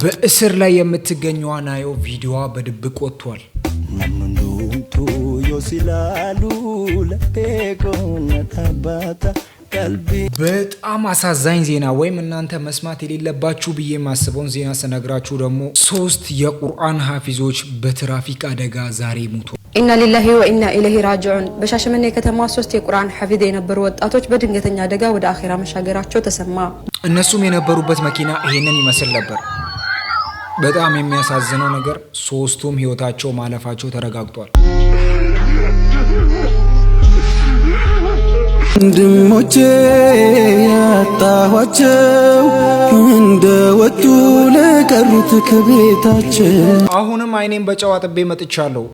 በእስር ላይ የምትገኘዋ ናዮ ቪዲዮዋ በድብቅ ወጥቷል። በጣም አሳዛኝ ዜና ወይም እናንተ መስማት የሌለባችሁ ብዬ የማስበውን ዜና ስነግራችሁ ደግሞ ሶስት የቁርአን ሀፊዞች በትራፊክ አደጋ ዛሬ ሞቶ ኢና ሊላሂ ወኢና ኢለይሂ ራጅዑን። በሻሸመኔ ከተማ ሶስት የቁርአን ሐፊዝ የነበሩ ወጣቶች በድንገተኛ አደጋ ወደ አኼራ መሻገራቸው ተሰማ። እነሱም የነበሩበት መኪና ይሄንን ይመስል ነበር። በጣም የሚያሳዝነው ነገር ሶስቱም ህይወታቸው ማለፋቸው ተረጋግጧል። ወንድሞቼ ያጣኋቸው እንደወጡ ለቀሩት ከቤታችን አሁንም አይኔም በጨዋ ጥቤ መጥቻለሁ።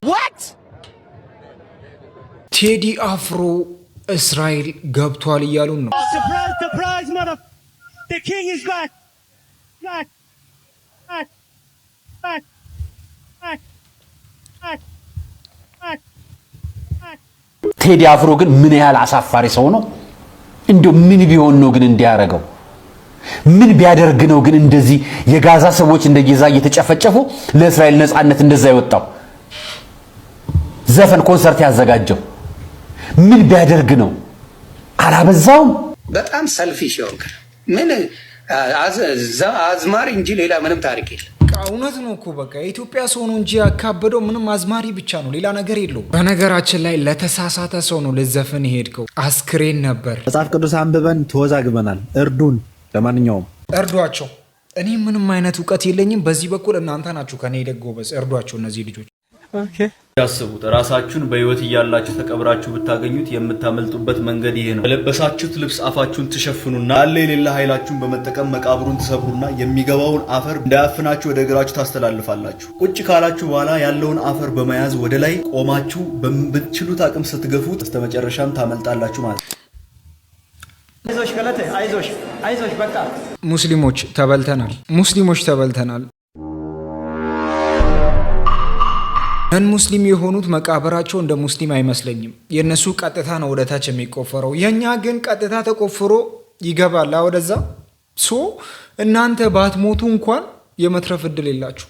ቴዲ አፍሮ እስራኤል ገብቷል እያሉን ነው። ቴዲ አፍሮ ግን ምን ያህል አሳፋሪ ሰው ነው! እንዲሁ ምን ቢሆን ነው ግን እንዲያደርገው? ምን ቢያደርግ ነው ግን እንደዚህ የጋዛ ሰዎች እንደ ጌዛ እየተጨፈጨፉ ለእስራኤል ነፃነት እንደዛ የወጣው ዘፈን ኮንሰርት ያዘጋጀው ምን ቢያደርግ ነው? አላበዛውም? በጣም ሰልፊሽ ምን አዝማሪ እንጂ ሌላ ምንም ታሪክ የለም። በቃ እውነት ነው እኮ በቃ የኢትዮጵያ ሰው ነው እንጂ ያካበደው ምንም አዝማሪ ብቻ ነው፣ ሌላ ነገር የለውም። በነገራችን ላይ ለተሳሳተ ሰው ነው ልዘፍን ሄድከው አስክሬን ነበር። መጽሐፍ ቅዱስ አንብበን ተወዛግበናል። እርዱን። ለማንኛውም እርዷቸው። እኔ ምንም አይነት እውቀት የለኝም በዚህ በኩል። እናንተ ናችሁ ከኔ ደግ ጎበዝ። እርዷቸው እነዚህ ልጆች ያስቡት። ራሳችሁን በህይወት እያላችሁ ተቀብራችሁ ብታገኙት የምታመልጡበት መንገድ ይሄ ነው። በለበሳችሁት ልብስ አፋችሁን ትሸፍኑና ያለ የሌለ ኃይላችሁን በመጠቀም መቃብሩን ትሰብሩና የሚገባውን አፈር እንዳያፍናችሁ ወደ እግራችሁ ታስተላልፋላችሁ። ቁጭ ካላችሁ በኋላ ያለውን አፈር በመያዝ ወደ ላይ ቆማችሁ በምትችሉት አቅም ስትገፉት በስተመጨረሻም ታመልጣላችሁ ማለት ነው። አይዞሽ ገለቴ አይዞሽ አይዞሽ በቃ ሙስሊሞች ተበልተናል። ሙስሊሞች ተበልተናል። ነን ሙስሊም የሆኑት መቃብራቸው እንደ ሙስሊም አይመስለኝም። የእነሱ ቀጥታ ነው ወደታች የሚቆፈረው፣ የእኛ ግን ቀጥታ ተቆፍሮ ይገባል ወደዛ። ሶ እናንተ ባትሞቱ እንኳን የመትረፍ እድል የላችሁ።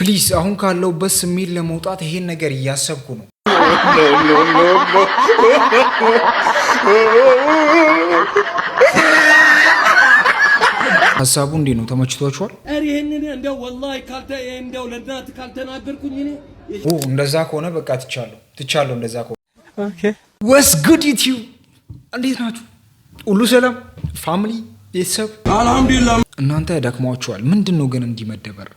ፕሊዝ አሁን ካለውበት ስሜት ለመውጣት ይሄን ነገር እያሰብኩ ነው። ሀሳቡ እንዴት ነው? ተመችቷችኋል? ይህንን እንደው ወላሂ እንደው ካልተናገርኩኝ እኔ እንደዛ ከሆነ በቃ ትቻለሁ ትቻለሁ። እንደዛ ከሆነ ወስ ጉድ ዩቲዩብ እንዴት ናችሁ? ሁሉ ሰላም ፋሚሊ፣ ቤተሰብ አልሐምዱሊላ። እናንተ ደክሟችኋል። ምንድን ነው ግን እንዲመደበር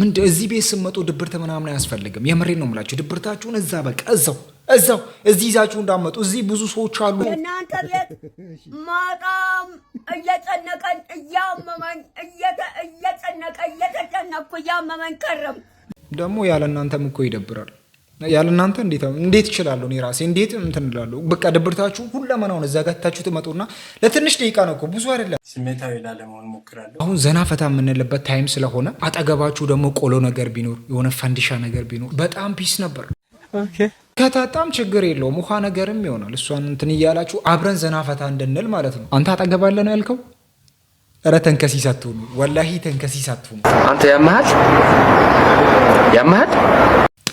ምንድ እዚህ ቤት ስመጡ ድብርት ምናምን አያስፈልግም። የምሬን ነው የምላችሁ ድብርታችሁን እዛ በቃ እዛው እዛው እዚህ ይዛችሁ እንዳመጡ እዚህ ብዙ ሰዎች አሉ። እናንተ ቤት ማጣም እየጨነቀን እያመመን እየጨነቀ እየተጨነቅኩ እያመመን ቀረም። ደግሞ ያለ እናንተም እኮ ይደብራል። ያለ እናንተ እንዴት እችላለሁ? እኔ ራሴ እንዴት እንትን እላለሁ? በቃ ድብርታችሁ ሁለመናውን እዛ ጋታችሁ ትመጡና ለትንሽ ደቂቃ ነው እኮ ብዙ አይደለም። ስሜታዊ ላለመሆን ሞክራለሁ። አሁን ዘና ፈታ የምንልበት ታይም ስለሆነ አጠገባችሁ ደግሞ ቆሎ ነገር ቢኖር የሆነ ፈንዲሻ ነገር ቢኖር በጣም ፒስ ነበር። ከታጣም ችግር የለውም ውሃ ነገርም ይሆናል። እሷን እንትን እያላችሁ አብረን ዘና ፈታ እንድንል ማለት ነው። አንተ አጠገባለ ነው ያልከው። ኧረ ተንከሲ ሳትሆኑ ወላሂ ተንከሲ ሳትሆኑ አንተ ያመሃል ያመሃል።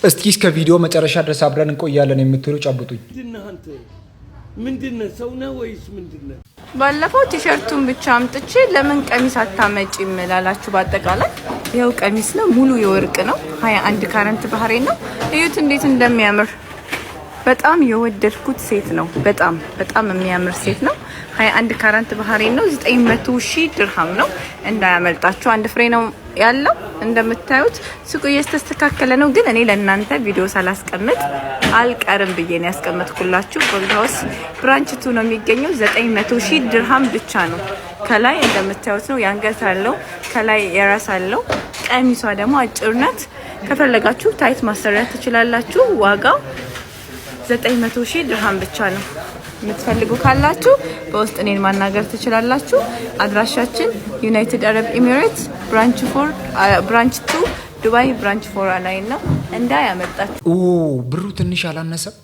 እስቲ እስከ ቪዲዮ መጨረሻ ድረስ አብረን እንቆያለን የምትሉ ጨብጡኝ። ምንድነው ሰው ነህ ወይስ ባለፈው ቲሸርቱን ብቻ አምጥቼ ለምን ቀሚስ አታመጪ ላላችሁ በአጠቃላይ ይኸው ቀሚስ ነው። ሙሉ የወርቅ ነው። ሀያ አንድ ካረንት ባህሬ ነው። እዩት እንዴት እንደሚያምር በጣም የወደድኩት ሴት ነው። በጣም በጣም የሚያምር ሴት ነው። 21 ካራንት ባህሬን ነው። 900 ሺህ ድርሃም ነው። እንዳያመልጣችሁ። አንድ ፍሬ ነው ያለው እንደምታዩት። ሱቁ እየተስተካከለ ነው፣ ግን እኔ ለእናንተ ቪዲዮ ሳላስቀምጥ አልቀርም ብዬ ነው ያስቀምጥኩላችሁ። ጎልድ ሃውስ ብራንች ቱ ነው የሚገኘው። 900 ሺህ ድርሃም ብቻ ነው። ከላይ እንደምታዩት ነው። የአንገት አለው፣ ከላይ የራስ አለው። ቀሚሷ ደግሞ አጭርነት ከፈለጋችሁ ታይት ማሰሪያ ትችላላችሁ። ዋጋው ዘጠኝ መቶ ሺህ ድርሃም ብቻ ነው። የምትፈልጉ ካላችሁ በውስጥ እኔን ማናገር ትችላላችሁ። አድራሻችን ዩናይትድ አረብ ኤሚሬትስ ብራንች ፎር ብራንች ቱ ዱባይ ብራንች ፎር ላይ ነው። እንዳ ያመጣችሁ ብሩ ትንሽ አላነሰም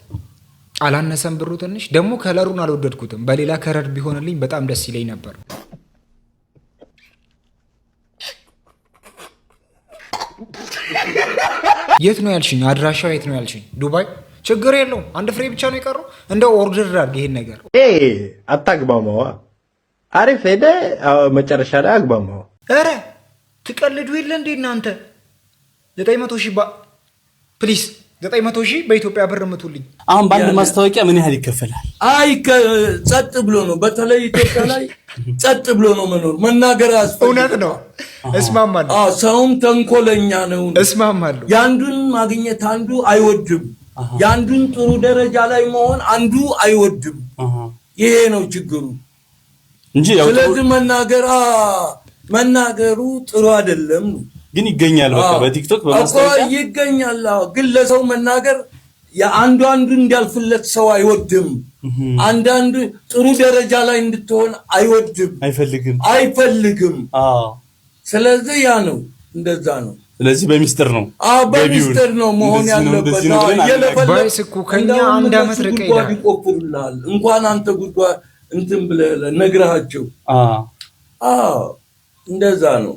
አላነሰም ብሩ ትንሽ ደግሞ ከለሩን አልወደድኩትም። በሌላ ከረር ቢሆንልኝ በጣም ደስ ይለኝ ነበር። የት ነው ያልሽኝ? አድራሻው የት ነው ያልሽኝ? ዱባይ ችግር የለው። አንድ ፍሬ ብቻ ነው የቀረው። እንደ ኦርደር አድርግ ይሄን ነገር አታግባማዋ። አሪፍ ሄደ። መጨረሻ ላይ አግባማዋ። ኧረ ትቀልዱ የለ እንዴ እናንተ። ዘጠኝ መቶ ሺህ ፕሊስ፣ ዘጠኝ መቶ ሺህ በኢትዮጵያ ብር ምቱልኝ። አሁን በአንድ ማስታወቂያ ምን ያህል ይከፈላል? አይ ጸጥ ብሎ ነው። በተለይ ኢትዮጵያ ላይ ጸጥ ብሎ ነው መኖር። መናገር ያስ እውነት ነው። እስማማለሁ። ሰውም ተንኮለኛ ነው። እስማማለሁ። የአንዱን ማግኘት አንዱ አይወድም። የአንዱን ጥሩ ደረጃ ላይ መሆን አንዱ አይወድም። ይሄ ነው ችግሩ እንጂ ስለዚህ መናገር መናገሩ ጥሩ አይደለም። ግን ይገኛል፣ በቃ በቲክቶክ በማስታወቂያ ይገኛል። ግን ለሰው መናገር የአንዱ አንዱ እንዲያልፍለት ሰው አይወድም። አንዳንዱ ጥሩ ደረጃ ላይ እንድትሆን አይወድም፣ አይፈልግም አይፈልግም። ስለዚህ ያ ነው እንደዛ ነው። ስለዚህ በሚስጥር ነው በሚስጥር ነው መሆን ያለበት። የለፈለስ ከኛ አንድ አመት ርቀ ይቆፍሩልሃል። እንኳን አንተ ጉዷ እንትን ብለህ ነግረሃቸው፣ እንደዛ ነው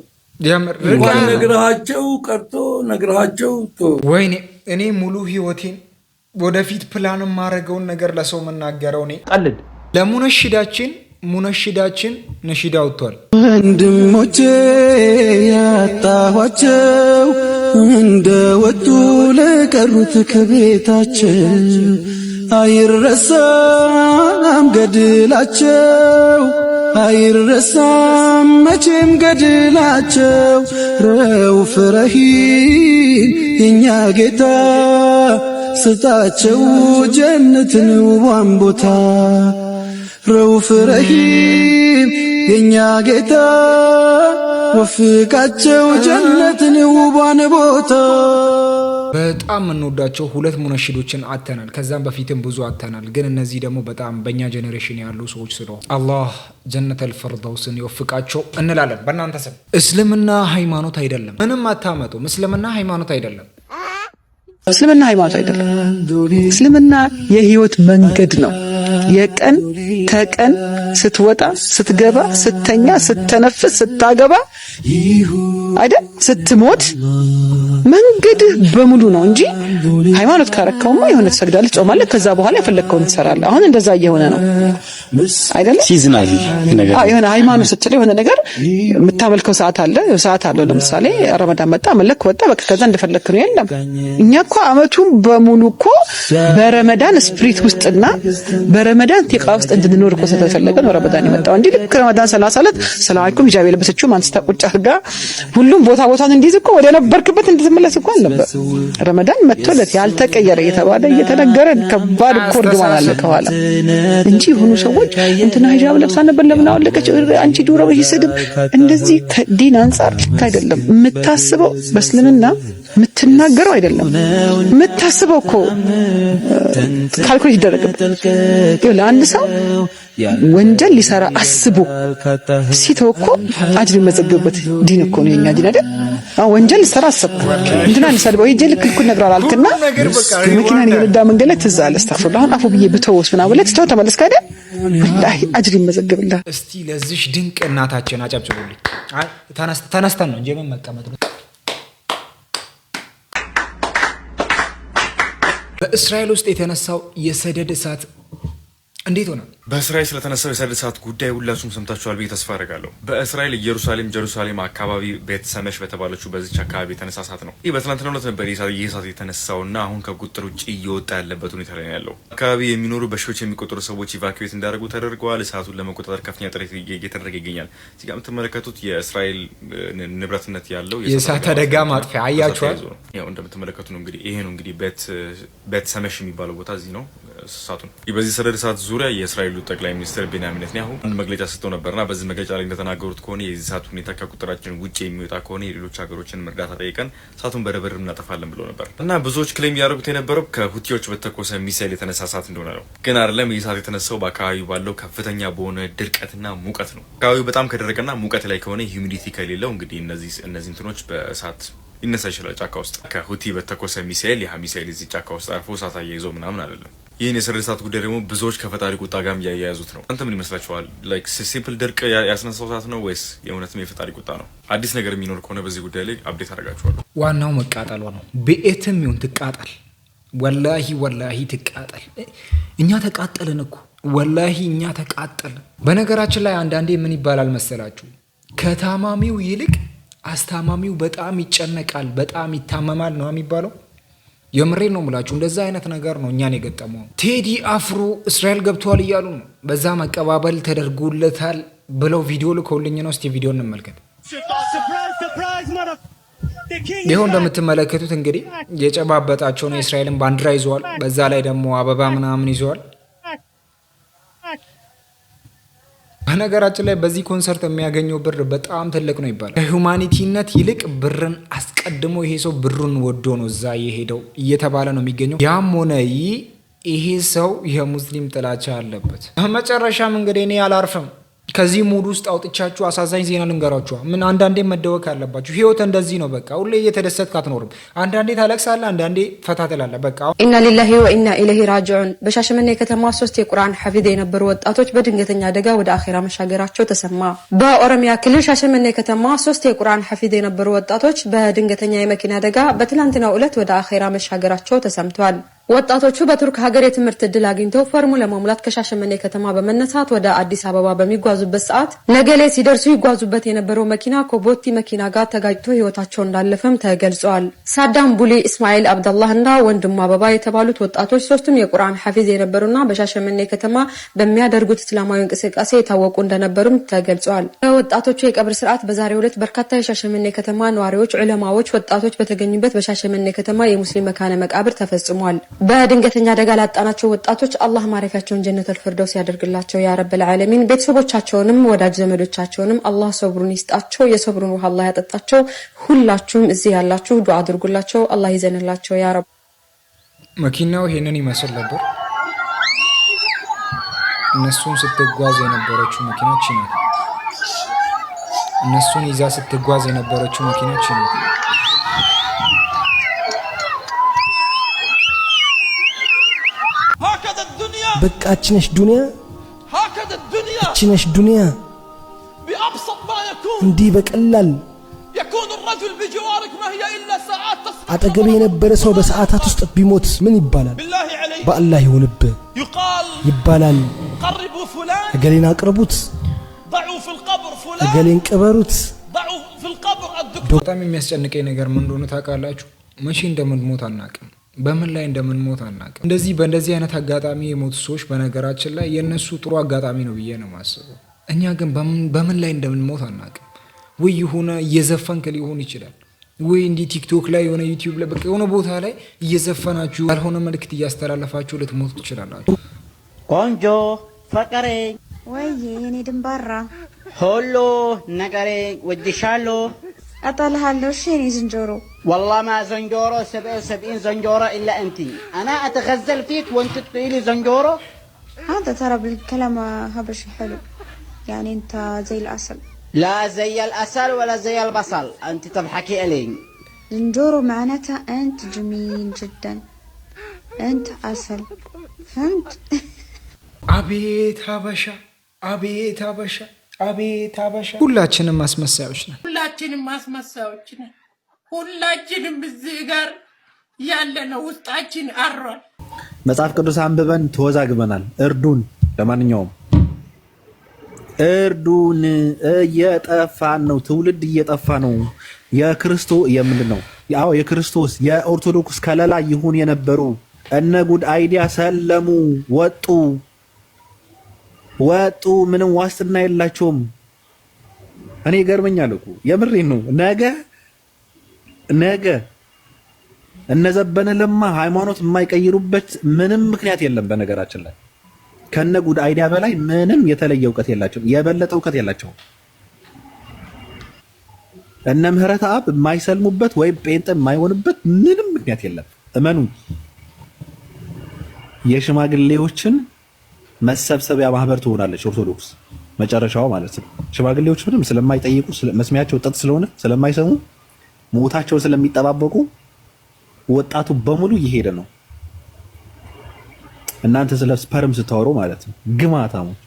እንኳን ነግረሃቸው ቀርቶ ነግረሃቸው። ወይኔ እኔ ሙሉ ህይወቴን ወደፊት ፕላን ማድረገውን ነገር ለሰው የምናገረው እኔ ቀልድ ለሙነሽዳችን ሙነሽዳችን ነሽዳ አውጥቷል። ወንድሞቼ ያጣኋቸው እንደ ወጡ ለቀሩት ከቤታቸው አይረሳም ገድላቸው አይረሳም መቼም ገድላቸው ረው ረሂም የእኛ ጌታ ስጣቸው ጀነትን ውቧን ቦታ ረውፍ ረሂም የእኛ ጌታ ወፍቃቸው ጀነትን ውቧን ቦታ በጣም የምንወዳቸው ሁለት ሙነሽዶችን አተናል። ከዛም በፊትም ብዙ አተናል። ግን እነዚህ ደግሞ በጣም በእኛ ጀኔሬሽን ያሉ ሰዎች ስለሆኑ አላህ ጀነት ፈርደውስን ይወፍቃቸው እንላለን። በእናንተ ስም እስልምና ሃይማኖት አይደለም፣ ምንም አታመጡም። እስልምና ሃይማኖት አይደለም። እስልምና ሃይማኖት አይደለም። እስልምና የህይወት መንገድ ነው። የቀን ተቀን ስትወጣ ስትገባ ስተኛ ስተነፍስ ስታገባ አይደል ስትሞት መንገድ በሙሉ ነው እንጂ ሃይማኖት ካረካውማ የሆነ ትሰግዳለህ፣ ትጾማለህ፣ ከዛ በኋላ የፈለግከውን ትሰራለህ። አሁን እንደዛ እየሆነ ነው አይደለ? ሲዝናል ነገር አዎ፣ የሆነ ሃይማኖት ስትል የሆነ ነገር የምታመልከው ሰዓት አለ፣ ሰዓት አለው። ለምሳሌ ረመዳን መጣ፣ መለክ ወጣ፣ በቃ ከዛ እንደፈለክ ነው። የለም እኛ እኮ አመቱን በሙሉ እኮ በረመዳን ስፕሪት ውስጥና በረመዳን ቲቃ ውስጥ እንድንኖር እኮ ስለተፈለገ ነው ረመዳን የመጣው እንጂ ልክ ረመዳን ሰላሳ ዕለት ሰላም አለይኩም ሂጃብ የለበሰችው አንስታ ቁጭ አድርጋ ሁሉም ቦታ ቦታን እንዲይዝ እኮ ወደ ነበርክበት እንድት እየተመለስ እኮ አልነበር ረመዳን መቶለት ያልተቀየረ እየተባለ እየተነገረ ከባድ እኮ እርግማን አለ ከኋላ እንጂ የሆኑ ሰዎች እንትና ሂጃብ ለብሳ ነበር ለምን አወለቀች አንቺ ዱረበሽ ስድብ እንደዚህ ከዲን አንጻር ልክ አይደለም የምታስበው በእስልምና የምትናገረው አይደለም የምታስበው እኮ ካልኩሌት ይደረግበት። ለአንድ ሰው ወንጀል ሊሰራ አስቦ ሲተው እኮ አጅር ይመዘገብበት። ዲን እኮ ነው የኛ ዲን አይደል? ወንጀል ሊሰራ አሰብኩ እንትና እንሰድበው ሂጅ ልክ ልኩን ነግሯል አልክና መኪናን እየነዳ መንገድ ላይ ትዝ አለ አስተፍሩላ አሁን አፉ ብዬ ብተወስ ምናምን ብለህ ትተው ተመለስክ አይደል? ወላሂ አጅር ይመዘግብላል። እስቲ ለዚሽ ድንቅ እናታችን አጨብጭቡልኝ። ተነስተን ነው እንጂ ምን መቀመጥ ነው በእስራኤል ውስጥ የተነሳው የሰደድ እሳት እንዴት ሆነ? በእስራኤል ስለተነሳው የሰደድ እሳት ጉዳይ ሁላችሁም ሰምታችኋል ብዬ ተስፋ አደርጋለሁ። በእስራኤል ኢየሩሳሌም ጀሩሳሌም አካባቢ ቤት ሰመሽ በተባለችው በዚች አካባቢ የተነሳ እሳት ነው። ይህ በትናንትናው ዕለት ነበር ይህ እሳት የተነሳው እና አሁን ከቁጥር ውጭ እየወጣ ያለበት ሁኔታ ላይ ያለው አካባቢ የሚኖሩ በሺዎች የሚቆጠሩ ሰዎች ኢቫኪዌት እንዳደርጉ ተደርገዋል። እሳቱን ለመቆጣጠር ከፍተኛ ጥረት እየተደረገ ይገኛል። እዚህ ጋ የምትመለከቱት የእስራኤል ንብረትነት ያለው የእሳት አደጋ ማጥፊያ አያችኋል። ያው እንደምትመለከቱ ነው እንግዲህ ይሄ ነው እንግዲህ ቤት ሰመሽ የሚባለው ቦታ እዚህ ነው እሳቱን በዚህ ሰደድ እሳት ዙሪያ የእስራኤል የሚሉት ጠቅላይ ሚኒስትር ቤንያሚን ኔታንያሁ አንድ መግለጫ ሰጥተው ነበርና በዚህ መግለጫ ላይ እንደተናገሩት ከሆነ የዚህ ሰዓት ሁኔታ ከቁጥራችን ውጭ የሚወጣ ከሆነ የሌሎች ሀገሮችን እርዳታ ጠይቀን እሳቱን በርብር እናጠፋለን ብሎ ነበር እና ብዙዎች ክሌም እያደረጉት የነበረው ከሁቲዎች በተኮሰ ሚሳይል የተነሳ ሰዓት እንደሆነ ነው። ግን አይደለም። ይህ ሰዓት የተነሳው በአካባቢው ባለው ከፍተኛ በሆነ ድርቀትና ሙቀት ነው። አካባቢው በጣም ከደረቀና ሙቀት ላይ ከሆነ ሂዩሚዲቲ ከሌለው እንግዲህ እነዚህ እነዚህ እንትኖች በእሳት ይነሳ ይችላል ጫካ ውስጥ ከሁቲ በተኮሰ ሚሳይል። ያ ሚሳይል እዚህ ጫካ ውስጥ አርፎ እሳት አያይዞ ምናምን አይደለም። ይህን የስር እሳት ጉዳይ ደግሞ ብዙዎች ከፈጣሪ ቁጣ ጋር እያያያዙት ነው። አንተ ምን ይመስላችኋል? ላይክ ሲምፕል ድርቅ ያስነሳው እሳት ነው ወይስ የእውነትም የፈጣሪ ቁጣ ነው? አዲስ ነገር የሚኖር ከሆነ በዚህ ጉዳይ ላይ አብዴት አደርጋችኋለሁ። ዋናው መቃጠሏ ነው። ቤትም ይሁን ትቃጠል፣ ወላሂ ወላሂ ትቃጠል። እኛ ተቃጠልን እኮ ወላሂ እኛ ተቃጠልን። በነገራችን ላይ አንዳንዴ ምን ይባላል መሰላችሁ ከታማሚው ይልቅ አስታማሚው በጣም ይጨነቃል፣ በጣም ይታመማል ነው የሚባለው። የምሬ ነው የምላችሁ። እንደዛ አይነት ነገር ነው እኛን የገጠመው። ቴዲ አፍሮ እስራኤል ገብተዋል እያሉ ነው። በዛ መቀባበል ተደርጎለታል ብለው ቪዲዮ ልከውልኝ ነው። እስቲ ቪዲዮ እንመልከት። ይኸው እንደምትመለከቱት እንግዲህ የጨባበጣቸውን የእስራኤልን ባንዲራ ይዘዋል። በዛ ላይ ደግሞ አበባ ምናምን ይዘዋል። በነገራችን ላይ በዚህ ኮንሰርት የሚያገኘው ብር በጣም ትልቅ ነው ይባላል። ከሁማኒቲነት ይልቅ ብርን አስቀድሞ ይሄ ሰው ብሩን ወዶ ነው እዛ የሄደው እየተባለ ነው የሚገኘው። ያም ሆነ ይህ ይሄ ሰው የሙስሊም ጥላቻ አለበት። በመጨረሻም እንግዲህ እኔ አላርፍም ከዚህ ሙድ ውስጥ አውጥቻችሁ አሳዛኝ ዜና ልንገራችኋ። ምን አንዳንዴ መደወቅ ያለባችሁ ህይወት እንደዚህ ነው። በቃ ሁሌ እየተደሰትክ አትኖርም። አንዳንዴ ታለቅሳለህ፣ አንዳንዴ ፈታ በቃ ኢና ሊላሂ ወኢና ኢለይሂ ራጅዑን። በሻሸመኔ ከተማ ሶስት የቁርአን ሐፊዝ የነበሩ ወጣቶች በድንገተኛ አደጋ ወደ አኼራ መሻገራቸው ተሰማ። በኦሮሚያ ክልል ሻሸመኔ ከተማ ሶስት የቁርአን ሐፊዝ የነበሩ ወጣቶች በድንገተኛ የመኪና አደጋ በትላንትናው ዕለት ወደ አኼራ መሻገራቸው ተሰምቷል። ወጣቶቹ በቱርክ ሀገር የትምህርት እድል አግኝተው ፈርሙ ለመሙላት ከሻሸመኔ ከተማ በመነሳት ወደ አዲስ አበባ በሚጓዙበት ሰዓት ነገሌ ሲደርሱ ይጓዙበት የነበረው መኪና ከቦቲ መኪና ጋር ተጋጭቶ ህይወታቸው እንዳለፈም ተገልጿል። ሳዳም ቡሊ፣ እስማኤል አብደላህ እና ወንድሙ አበባ የተባሉት ወጣቶች ሶስቱም የቁርአን ሐፊዝ የነበሩና በሻሸመኔ ከተማ በሚያደርጉት እስላማዊ እንቅስቃሴ የታወቁ እንደነበሩም ተገልጿል። በወጣቶቹ የቀብር ስርዓት በዛሬው ዕለት በርካታ የሻሸመኔ ከተማ ነዋሪዎች፣ ዑለማዎች፣ ወጣቶች በተገኙበት በሻሸመኔ ከተማ የሙስሊም መካነ መቃብር ተፈጽሟል። በድንገተኛ አደጋ ላጣናቸው ወጣቶች አላህ ማረፊያቸውን ጀነተል ፍርደውስ ያደርግላቸው ያ ረብል ዓለሚን። ቤተሰቦቻቸውንም ወዳጅ ዘመዶቻቸውንም አላህ ሰብሩን ይስጣቸው፣ የሰብሩን ውሃ አላህ ያጠጣቸው። ሁላችሁም እዚህ ያላችሁ ዱዓ አድርጉላቸው፣ አላህ ይዘንላቸው ያ መኪናው ይሄንን ይመስል ነበር። እነሱን ስትጓዝ የነበረችው መኪናችን ነው። እነሱን ይዛ ስትጓዝ የነበረችው መኪናችን ነው። በቃ እችነሽ ዱንያ እችነሽ ዱንያ እንዲህ በቀላል አጠገቤ የነበረ ሰው በሰዓታት ውስጥ ቢሞት ምን ይባላል? በአላህ ይሁንብህ ይባላል። እገሌን አቅርቡት፣ እገሌን ቅበሩት። በጣም የሚያስጨንቀኝ ነገር ምን እንደሆነ ታውቃላችሁ? መቼ እንደምንሞት አናውቅም። በምን ላይ እንደምንሞት አናውቅም። እንደዚህ በእንደዚህ አይነት አጋጣሚ የሞቱ ሰዎች በነገራችን ላይ የእነሱ ጥሩ አጋጣሚ ነው ብዬ ነው የማስበው። እኛ ግን በምን ላይ እንደምንሞት አናውቅም። ወይ የሆነ እየዘፈንክ ሊሆን ይችላል ወይ እንዲህ ቲክቶክ ላይ የሆነ ዩቲዩብ ላይ በቃ የሆነ ቦታ ላይ እየዘፈናችሁ ያልሆነ መልእክት እያስተላለፋችሁ ልትሞቱ ትችላላችሁ። ቆንጆ ፈቀሬ ወይ እኔ ድንባራ ሆሎ ነቀሬ ወድሻለሁ፣ አጠልሃለሁ እኔ ዝንጀሮ والله ما زنجوره 77 زنجوره الا انت انا اتغزل فيك وانت تقولي لي زنجوره هذا ترى بالكلام هبش حلو يعني انت زي الاسل لا زي الاسل ولا زي البصل انت تضحكي الي زنجوره معناتها انت جميل جدا انت عسل فهمت አቤት هبشة አቤት هبشة አቤት ሀበሻ ሁላችንም አስመሳዮች ነን። ما አስመሳዮች ነን። ሁላችንም እዚህ ጋር ያለነው ውስጣችን አሯል። መጽሐፍ ቅዱስ አንብበን ተወዛግበናል። እርዱን። ለማንኛውም እርዱን። እየጠፋን ነው። ትውልድ እየጠፋ ነው። የክርስቶ የምንድን ነው? አዎ የክርስቶስ የኦርቶዶክስ ከለላ ይሁን የነበሩ እነ ጉድ አይዲያ ሰለሙ፣ ወጡ፣ ወጡ። ምንም ዋስትና የላቸውም። እኔ ይገርመኛል እኮ የምሬን ነው ነገ ነገ እነዘበነ ለማ ሃይማኖት የማይቀይሩበት ምንም ምክንያት የለም። በነገራችን ላይ ከነ ጉድ አይዲያ በላይ ምንም የተለየ እውቀት የላቸውም። የበለጠ እውቀት የላቸውም። እነ ምህረት አብ የማይሰልሙበት ወይም ጴንጠ የማይሆንበት ምንም ምክንያት የለም። እመኑ። የሽማግሌዎችን መሰብሰቢያ ማህበር ትሆናለች ኦርቶዶክስ መጨረሻው ማለት ነው። ሽማግሌዎች ምንም ስለማይጠይቁ መስሚያቸው ጥጥ ስለሆነ ስለማይሰሙ ሞታቸውን ስለሚጠባበቁ ወጣቱ በሙሉ እየሄደ ነው። እናንተ ስለ ስፐርም ስታወሩ ማለት ነው ግማታሞች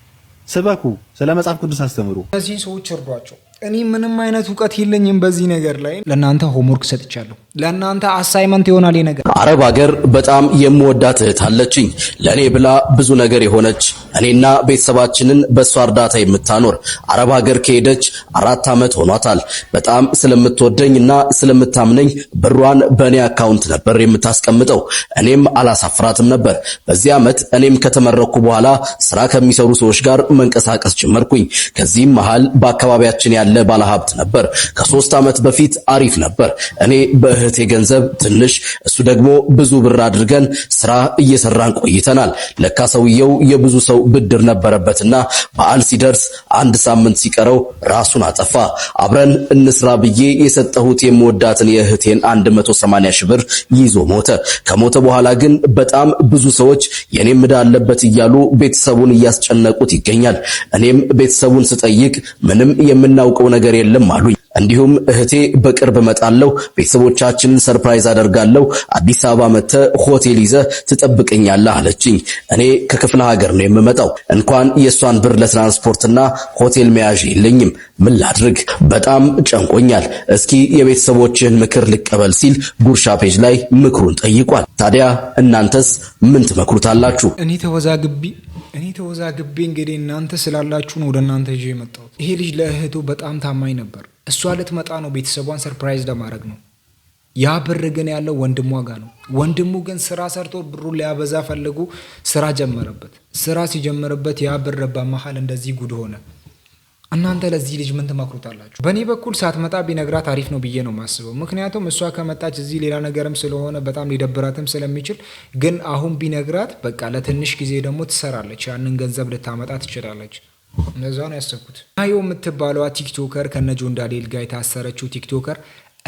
ስበኩ። ስለ መጽሐፍ ቅዱስ አስተምሩ። እነዚህን ሰዎች እርዷቸው። እኔ ምንም አይነት እውቀት የለኝም በዚህ ነገር ላይ። ለእናንተ ሆምወርክ ሰጥቻለሁ። ለእናንተ አሳይመንት ይሆናል ይህ ነገር። አረብ ሀገር በጣም የምወዳት እህት አለችኝ። ለእኔ ብላ ብዙ ነገር የሆነች እኔና ቤተሰባችንን በእሷ እርዳታ የምታኖር አረብ ሀገር ከሄደች አራት ዓመት ሆኗታል። በጣም ስለምትወደኝ እና ስለምታምነኝ ብሯን በእኔ አካውንት ነበር የምታስቀምጠው። እኔም አላሳፍራትም ነበር። በዚህ ዓመት እኔም ከተመረኩ በኋላ ስራ ከሚሰሩ ሰዎች ጋር መንቀሳቀስ ጀመርኩኝ። ከዚህም መሃል በአካባቢያችን ያለ ባለሀብት ነበር። ከሶስት ዓመት በፊት አሪፍ ነበር። እኔ በእህቴ ገንዘብ ትንሽ፣ እሱ ደግሞ ብዙ ብር አድርገን ስራ እየሰራን ቆይተናል። ለካ ሰውየው የብዙ ሰው ብድር ነበረበትና በዓል ሲደርስ አንድ ሳምንት ሲቀረው ራሱን አጠፋ። አብረን እንስራ ብዬ የሰጠሁት የምወዳትን የእህቴን 180 ሺህ ብር ይዞ ሞተ። ከሞተ በኋላ ግን በጣም ብዙ ሰዎች የኔም ዕዳ አለበት እያሉ ቤተሰቡን እያስጨነቁት ይገኛል። እኔ እኔም ቤተሰቡን ስጠይቅ ምንም የምናውቀው ነገር የለም አሉኝ። እንዲሁም እህቴ በቅርብ መጣለሁ ቤተሰቦቻችንን ሰርፕራይዝ አደርጋለሁ፣ አዲስ አበባ መተ ሆቴል ይዘ ትጠብቀኛለህ አለችኝ። እኔ ከክፍለ ሀገር ነው የምመጣው፣ እንኳን የእሷን ብር ለትራንስፖርትና ሆቴል መያዥ የለኝም። ምን ላድርግ? በጣም ጨንቆኛል። እስኪ የቤተሰቦችህን ምክር ልቀበል ሲል ጉርሻ ፔጅ ላይ ምክሩን ጠይቋል። ታዲያ እናንተስ ምን ትመክሩታላችሁ? እኔ ተወዛግቢ እኔ ተወዛግቤ እንግዲህ እናንተ ስላላችሁ ነው ወደ እናንተ ይዤ የመጣሁት። ይሄ ልጅ ለእህቱ በጣም ታማኝ ነበር። እሷ ልትመጣ ነው፣ ቤተሰቧን ሰርፕራይዝ ለማድረግ ነው። ያ ብር ግን ያለው ወንድሟ ጋር ነው። ወንድሙ ግን ስራ ሰርቶ ብሩን ሊያበዛ ፈልጉ ስራ ጀመረበት። ስራ ሲጀምርበት ያ ብር በመሀል እንደዚህ ጉድ ሆነ። እናንተ ለዚህ ልጅ ምን ትመክሩታላችሁ? በእኔ በኩል ሳትመጣ ቢነግራት አሪፍ ነው ብዬ ነው ማስበው። ምክንያቱም እሷ ከመጣች እዚህ ሌላ ነገርም ስለሆነ በጣም ሊደብራትም ስለሚችል፣ ግን አሁን ቢነግራት በቃ ለትንሽ ጊዜ ደግሞ ትሰራለች፣ ያንን ገንዘብ ልታመጣ ትችላለች። እነዛ ነው ያሰብኩት። ናዮ የምትባለዋ ቲክቶከር ከነጆ እንዳሌል ጋር የታሰረችው ቲክቶከር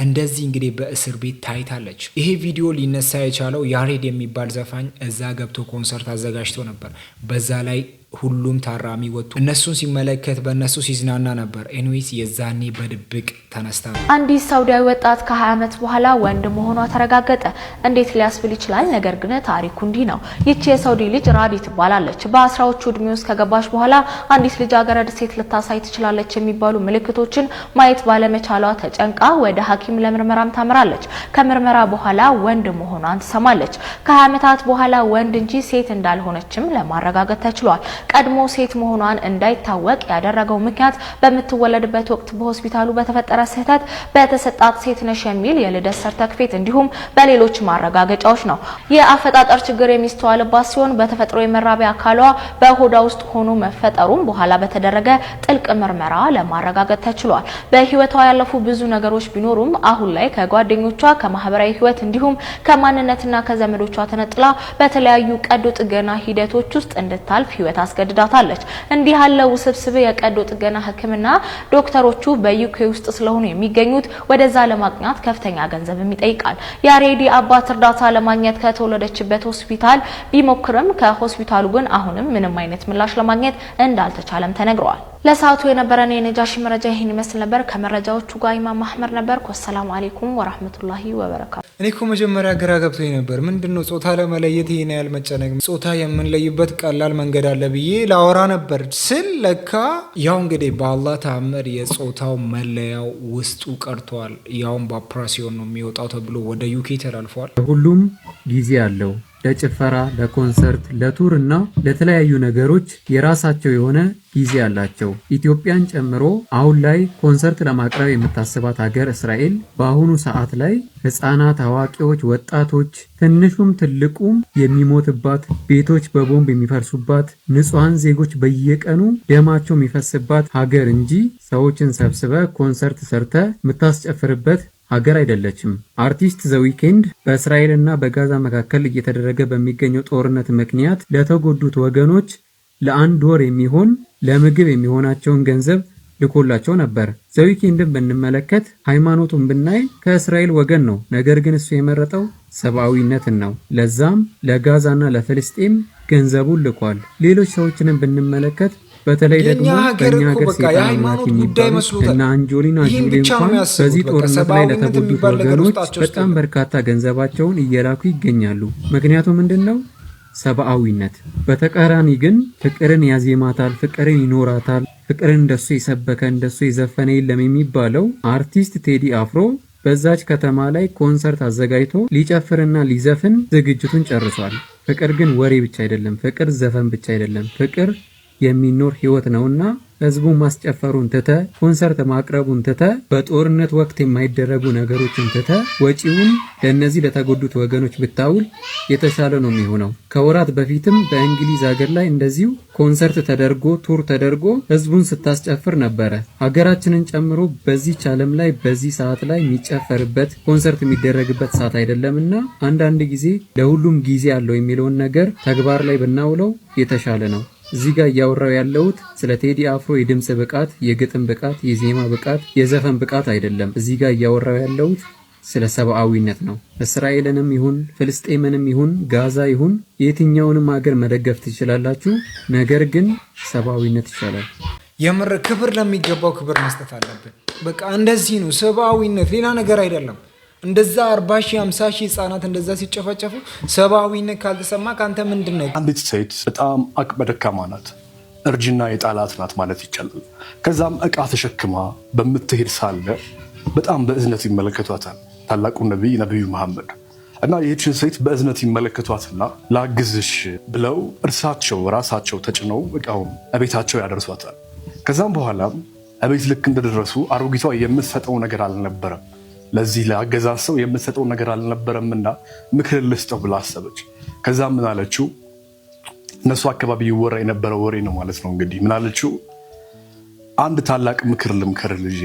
እንደዚህ እንግዲህ በእስር ቤት ታይታለች። ይሄ ቪዲዮ ሊነሳ የቻለው ያሬድ የሚባል ዘፋኝ እዛ ገብቶ ኮንሰርት አዘጋጅቶ ነበር። በዛ ላይ ሁሉም ታራሚ ወጡ። እነሱን ሲመለከት በእነሱ ሲዝናና ነበር። ኤንዊስ የዛኔ በድብቅ ተነስታ ነው። አንዲት ሳውዲያዊ ወጣት ከ20 ዓመት በኋላ ወንድ መሆኗ ተረጋገጠ። እንዴት ሊያስብል ይችላል። ነገር ግን ታሪኩ እንዲህ ነው። ይቺ የሳውዲ ልጅ ራዲ ትባላለች። በአስራዎቹ እድሜ ውስጥ ከገባች በኋላ አንዲት ልጃገረድ ሴት ልታሳይ ትችላለች የሚባሉ ምልክቶችን ማየት ባለመቻሏ ተጨንቃ ወደ ሐኪም ለምርመራም ታምራለች። ከምርመራ በኋላ ወንድ መሆኗን ትሰማለች። ከ20 ዓመታት በኋላ ወንድ እንጂ ሴት እንዳልሆነችም ለማረጋገጥ ተችሏል። ቀድሞ ሴት መሆኗን እንዳይታወቅ ያደረገው ምክንያት በምትወለድበት ወቅት በሆስፒታሉ በተፈጠረ ስህተት በተሰጣት ሴት ነሽ የሚል የልደት ሰርተክፌት እንዲሁም በሌሎች ማረጋገጫዎች ነው። የአፈጣጠር ችግር የሚስተዋልባት ሲሆን በተፈጥሮ የመራቢያ አካሏ በሆዷ ውስጥ ሆኖ መፈጠሩም በኋላ በተደረገ ጥልቅ ምርመራ ለማረጋገጥ ተችሏል። በህይወቷ ያለፉ ብዙ ነገሮች ቢኖሩም አሁን ላይ ከጓደኞቿ ከማህበራዊ ህይወት እንዲሁም ከማንነትና ከዘመዶቿ ተነጥላ በተለያዩ ቀዶ ጥገና ሂደቶች ውስጥ እንድታልፍ ህይወት አስገድዳታለች። እንዲህ ያለ ውስብስብ የቀዶ ጥገና ሕክምና ዶክተሮቹ በዩኬ ውስጥ ስለሆኑ የሚገኙት ወደዛ ለማቅናት ከፍተኛ ገንዘብም ይጠይቃል። የሬዲ አባት እርዳታ ለማግኘት ከተወለደችበት ሆስፒታል ቢሞክርም ከሆስፒታሉ ግን አሁንም ምንም አይነት ምላሽ ለማግኘት እንዳልተቻለም ተነግረዋል። ለሰዓቱ የነበረን የነጃሺ መረጃ ይህን ይመስል ነበር። ከመረጃዎቹ ጋር ኢማም አህመድ ነበርኩ። ወሰላሙ አሌይኩም ወራህመቱላሂ ወበረካቱ። እኔ እኮ መጀመሪያ ግራ ገብቶኝ ነበር። ምንድን ነው ጾታ ለመለየት ይህን ያህል መጨነቅ? ጾታ የምንለይበት ቀላል መንገድ አለ ብዬ ላወራ ነበር ስል ለካ ያው እንግዲህ በአላህ ተአምር የጾታው መለያው ውስጡ ቀርቷል። ያውም በኦፕራሲዮን ነው የሚወጣው ተብሎ ወደ ዩኬ ተላልፏል። ሁሉም ጊዜ አለው። ለጭፈራ፣ ለኮንሰርት፣ ለቱር እና ለተለያዩ ነገሮች የራሳቸው የሆነ ጊዜ አላቸው። ኢትዮጵያን ጨምሮ አሁን ላይ ኮንሰርት ለማቅረብ የምታስባት ሀገር እስራኤል በአሁኑ ሰዓት ላይ ሕፃናት፣ አዋቂዎች፣ ወጣቶች ትንሹም ትልቁም የሚሞትባት፣ ቤቶች በቦምብ የሚፈርሱባት፣ ንጹሐን ዜጎች በየቀኑ ደማቸው የሚፈስባት ሀገር እንጂ ሰዎችን ሰብስበ ኮንሰርት ሰርተ የምታስጨፍርበት ሀገር አይደለችም። አርቲስት ዘዊኬንድ በእስራኤልና በጋዛ መካከል እየተደረገ በሚገኘው ጦርነት ምክንያት ለተጎዱት ወገኖች ለአንድ ወር የሚሆን ለምግብ የሚሆናቸውን ገንዘብ ልኮላቸው ነበር። ዘዊኬንድን ብንመለከት ሃይማኖቱን ብናይ ከእስራኤል ወገን ነው። ነገር ግን እሱ የመረጠው ሰብአዊነትን ነው። ለዛም ለጋዛና ለፍልስጤም ገንዘቡን ልኳል። ሌሎች ሰዎችንም ብንመለከት በተለይ ደግሞ በእኛ ሀገር ሴጣናት የሚባሉ እና አንጆሊና ጆሊ እንኳን በዚህ ጦርነት ላይ ለተጎዱት ወገኖች በጣም በርካታ ገንዘባቸውን እየላኩ ይገኛሉ። ምክንያቱ ምንድን ነው? ሰብአዊነት። በተቃራኒ ግን ፍቅርን ያዜማታል፣ ፍቅርን ይኖራታል፣ ፍቅርን እንደሱ የሰበከ እንደሱ የዘፈነ የለም የሚባለው አርቲስት ቴዲ አፍሮ በዛች ከተማ ላይ ኮንሰርት አዘጋጅቶ ሊጨፍርና ሊዘፍን ዝግጅቱን ጨርሷል። ፍቅር ግን ወሬ ብቻ አይደለም። ፍቅር ዘፈን ብቻ አይደለም። ፍቅር የሚኖር ህይወት ነውና ህዝቡን ማስጨፈሩን ትተ፣ ኮንሰርት ማቅረቡን ትተ፣ በጦርነት ወቅት የማይደረጉ ነገሮችን ትተ፣ ወጪውን ለእነዚህ ለተጎዱት ወገኖች ብታውል የተሻለ ነው የሚሆነው። ከወራት በፊትም በእንግሊዝ ሀገር ላይ እንደዚሁ ኮንሰርት ተደርጎ ቱር ተደርጎ ህዝቡን ስታስጨፍር ነበረ። ሀገራችንን ጨምሮ በዚች ዓለም ላይ በዚህ ሰዓት ላይ የሚጨፈርበት ኮንሰርት የሚደረግበት ሰዓት አይደለምና አንዳንድ ጊዜ ለሁሉም ጊዜ አለው የሚለውን ነገር ተግባር ላይ ብናውለው የተሻለ ነው። እዚህ ጋር እያወራው ያለሁት ስለ ቴዲ አፍሮ የድምፅ ብቃት፣ የግጥም ብቃት፣ የዜማ ብቃት፣ የዘፈን ብቃት አይደለም። እዚህ ጋር እያወራው ያለሁት ስለ ሰብአዊነት ነው። እስራኤልንም ይሁን ፍልስጤምንም ይሁን ጋዛ ይሁን የትኛውንም ሀገር መደገፍ ትችላላችሁ፣ ነገር ግን ሰብአዊነት ይቻላል። የምር ክብር ለሚገባው ክብር መስጠት አለብን። በቃ እንደዚህ ነው ሰብአዊነት፣ ሌላ ነገር አይደለም። እንደዛ አርባ ሺህ ሀምሳ ሺህ ህጻናት እንደዛ ሲጨፈጨፉ ሰብአዊነት ካልተሰማ ከአንተ ምንድን ነው? አንዲት ሴት በጣም አቅመ ደካማ ናት፣ እርጅና የጣላት ናት ማለት ይቻላል። ከዛም እቃ ተሸክማ በምትሄድ ሳለ በጣም በእዝነት ይመለከቷታል ታላቁ ነቢይ ነቢዩ መሐመድ እና ይህችን ሴት በእዝነት ይመለከቷትና ላግዝሽ ብለው እርሳቸው ራሳቸው ተጭነው እቃውን እቤታቸው ያደርሷታል። ከዛም በኋላም እቤት ልክ እንደደረሱ አሮጊቷ የምትሰጠው ነገር አልነበረም ለዚህ ለአገዛዝ ሰው የምትሰጠው ነገር አልነበረምና ምክር ልስጠው ብላ አሰበች። ከዛ ምን አለችው? እነሱ አካባቢ ይወራ የነበረ ወሬ ነው ማለት ነው። እንግዲህ ምን አለችው? አንድ ታላቅ ምክር ልምከር ልጄ፣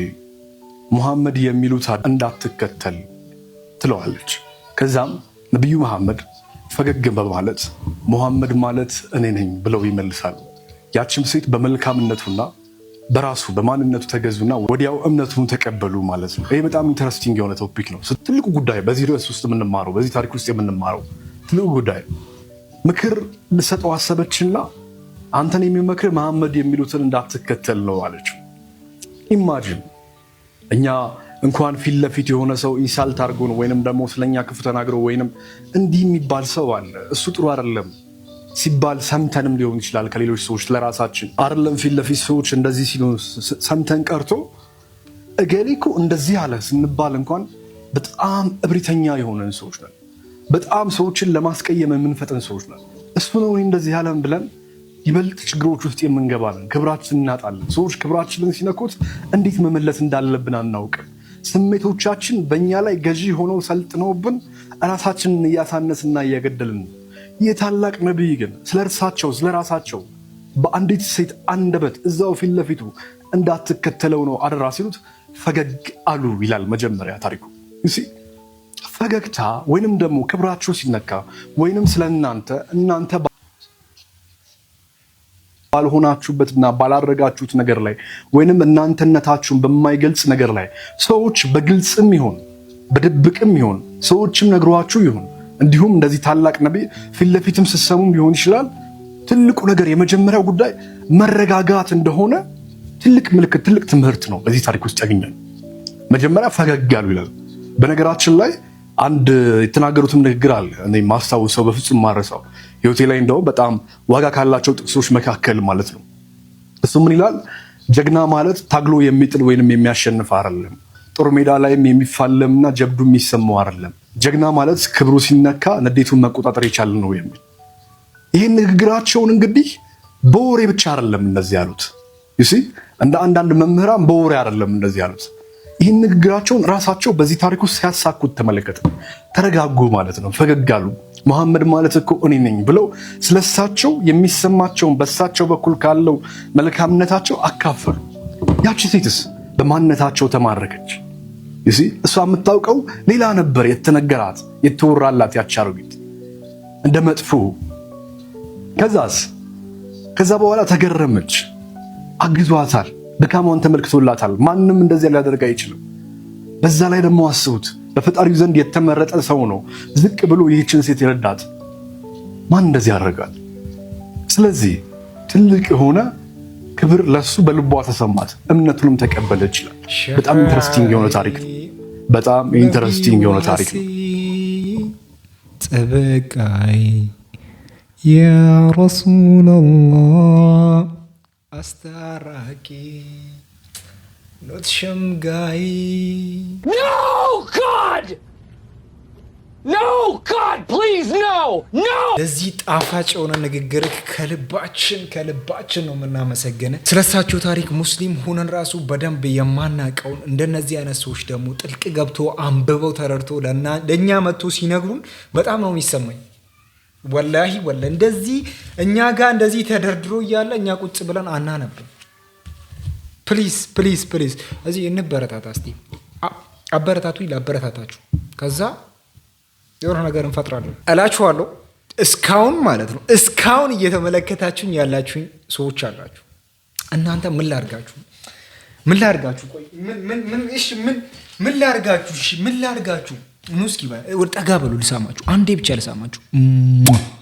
ሙሐመድ የሚሉት እንዳትከተል ትለዋለች። ከዛም ነቢዩ መሐመድ ፈገግ በማለት ሙሐመድ ማለት እኔ ነኝ ብለው ይመልሳሉ። ያችም ሴት በመልካምነቱና በራሱ በማንነቱ ተገዙና ወዲያው እምነቱን ተቀበሉ ማለት ነው። ይህ በጣም ኢንተረስቲንግ የሆነ ቶፒክ ነው። ትልቁ ጉዳይ በዚህ ርዕስ ውስጥ የምንማረው በዚህ ታሪክ ውስጥ የምንማረው ትልቁ ጉዳይ ምክር ልሰጠው አሰበችና አንተን የሚመክር መሐመድ የሚሉትን እንዳትከተል ነው አለችው። ኢማጂን እኛ እንኳን ፊት ለፊት የሆነ ሰው ኢንሳልት አድርጎን ወይንም ደግሞ ስለኛ ክፉ ተናግሮ ወይንም እንዲህ የሚባል ሰው አለ እሱ ጥሩ አይደለም ሲባል ሰምተንም ሊሆን ይችላል ከሌሎች ሰዎች ለራሳችን አይደለም። ፊት ለፊት ሰዎች እንደዚህ ሲሉ ሰምተን ቀርቶ እገሌ እኮ እንደዚህ አለ ስንባል እንኳን በጣም እብሪተኛ የሆነን ሰዎች ነን። በጣም ሰዎችን ለማስቀየም የምንፈጥን ሰዎች ነን። እሱ ነው እንደዚህ ያለን ብለን ይበልጥ ችግሮች ውስጥ የምንገባለን። ክብራችን እናጣለን። ሰዎች ክብራችንን ሲነኩት እንዴት መመለስ እንዳለብን አናውቅም። ስሜቶቻችን በእኛ ላይ ገዢ ሆነው ሰልጥነውብን እራሳችንን እያሳነስና እያገደልን የታላቅ ነቢይ ግን ስለ እርሳቸው ስለ ራሳቸው በአንዲት ሴት አንደበት እዛው ፊት ለፊቱ እንዳትከተለው ነው አደራ ሲሉት ፈገግ አሉ ይላል መጀመሪያ ታሪኩ። ፈገግታ ወይንም ደግሞ ክብራችሁ ሲነካ ወይንም ስለ እናንተ እናንተ ባልሆናችሁበትና ባላረጋችሁት ነገር ላይ ወይንም እናንተነታችሁን በማይገልጽ ነገር ላይ ሰዎች በግልጽም ይሆን በድብቅም ይሆን ሰዎችም ነግሯችሁ ይሆን እንዲሁም እንደዚህ ታላቅ ነቢይ ፊት ለፊትም ስትሰሙም ሊሆን ይችላል። ትልቁ ነገር የመጀመሪያው ጉዳይ መረጋጋት እንደሆነ ትልቅ ምልክት፣ ትልቅ ትምህርት ነው በዚህ ታሪክ ውስጥ ያገኛል። መጀመሪያ ፈገግ ያሉ ይላል። በነገራችን ላይ አንድ የተናገሩትም ንግግር አለ እኔ ማስታውሰው በፍጹም ማረሰው ህይወቴ ላይ እንደውም በጣም ዋጋ ካላቸው ጥቅሶች መካከል ማለት ነው። እሱ ምን ይላል? ጀግና ማለት ታግሎ የሚጥል ወይንም የሚያሸንፍ አይደለም፣ ጦር ሜዳ ላይም የሚፋለምና ጀብዱ የሚሰማው አይደለም ጀግና ማለት ክብሩ ሲነካ ንዴቱን መቆጣጠር የቻለ ነው የሚል ይህን ንግግራቸውን እንግዲህ በወሬ ብቻ አይደለም እንደዚህ ያሉት። ይሲ እንደ አንዳንድ መምህራን በወሬ አይደለም እንደዚህ ያሉት። ይህን ንግግራቸውን ራሳቸው በዚህ ታሪክ ውስጥ ሲያሳኩት ተመለከተ። ተረጋጉ ማለት ነው፣ ፈገግ አሉ። መሐመድ ማለት እኮ እኔ ነኝ ብለው ስለሳቸው የሚሰማቸውን በሳቸው በኩል ካለው መልካምነታቸው አካፈሉ። ያቺ ሴትስ በማንነታቸው ተማረከች። እሷ የምታውቀው ሌላ ነበር የተነገራት የተወራላት ያች አሮጊት እንደ መጥፎ። ከዛስ ከዛ በኋላ ተገረመች። አግዟታል፣ ድካሟን ተመልክቶላታል። ማንም እንደዚያ ሊያደርግ አይችልም። በዛ ላይ ደግሞ አስቡት፣ በፈጣሪው ዘንድ የተመረጠ ሰው ነው ዝቅ ብሎ ይህችን ሴት ይረዳት ማን እንደዚህ ያደርጋል? ስለዚህ ትልቅ የሆነ ክብር ለሱ በልቧ ተሰማት፣ እምነቱንም ተቀበለች ይችላል። በጣም ኢንተረስቲንግ የሆነ ታሪክ ነው። በጣም ኢንተረስቲንግ የሆነ ታሪክ ነው። ጥበቃይ ያ ረሱላላህ አስታራቂ ኖት ሸምጋይ ለዚህ ጣፋጭ የሆነ ንግግር ከልባችን ከልባችን ነው የምናመሰግን። ስለሳቸው ታሪክ ሙስሊም ሆነን ራሱ በደንብ የማናቀውን እንደነዚህ አይነት ሰዎች ደግሞ ጥልቅ ገብቶ አንብበው ተረድቶ ለእኛ መጥቶ ሲነግሩን በጣም ነው የሚሰማኝ። ወላሂ ወላ እንደዚህ እኛ ጋር እንደዚህ ተደርድሮ እያለ እኛ ቁጭ ብለን አናነብም። ፕሊዝ ፕሊዝ ፕሊዝ እዚህ እንበረታታ። እስቲ አበረታቱ፣ ላበረታታችሁ ከዛ የሆነ ነገር እንፈጥራለን እላችኋለሁ። እስካሁን ማለት ነው እስካሁን እየተመለከታችሁኝ ያላችሁኝ ሰዎች አላችሁ። እናንተ ምን ላርጋችሁ? ምን ላርጋችሁ? ምን ላርጋችሁ? ምን ላርጋችሁ? ኑ እስኪ ወደ ጠጋ በሉ ልሳማችሁ፣ አንዴ ብቻ ልሳማችሁ።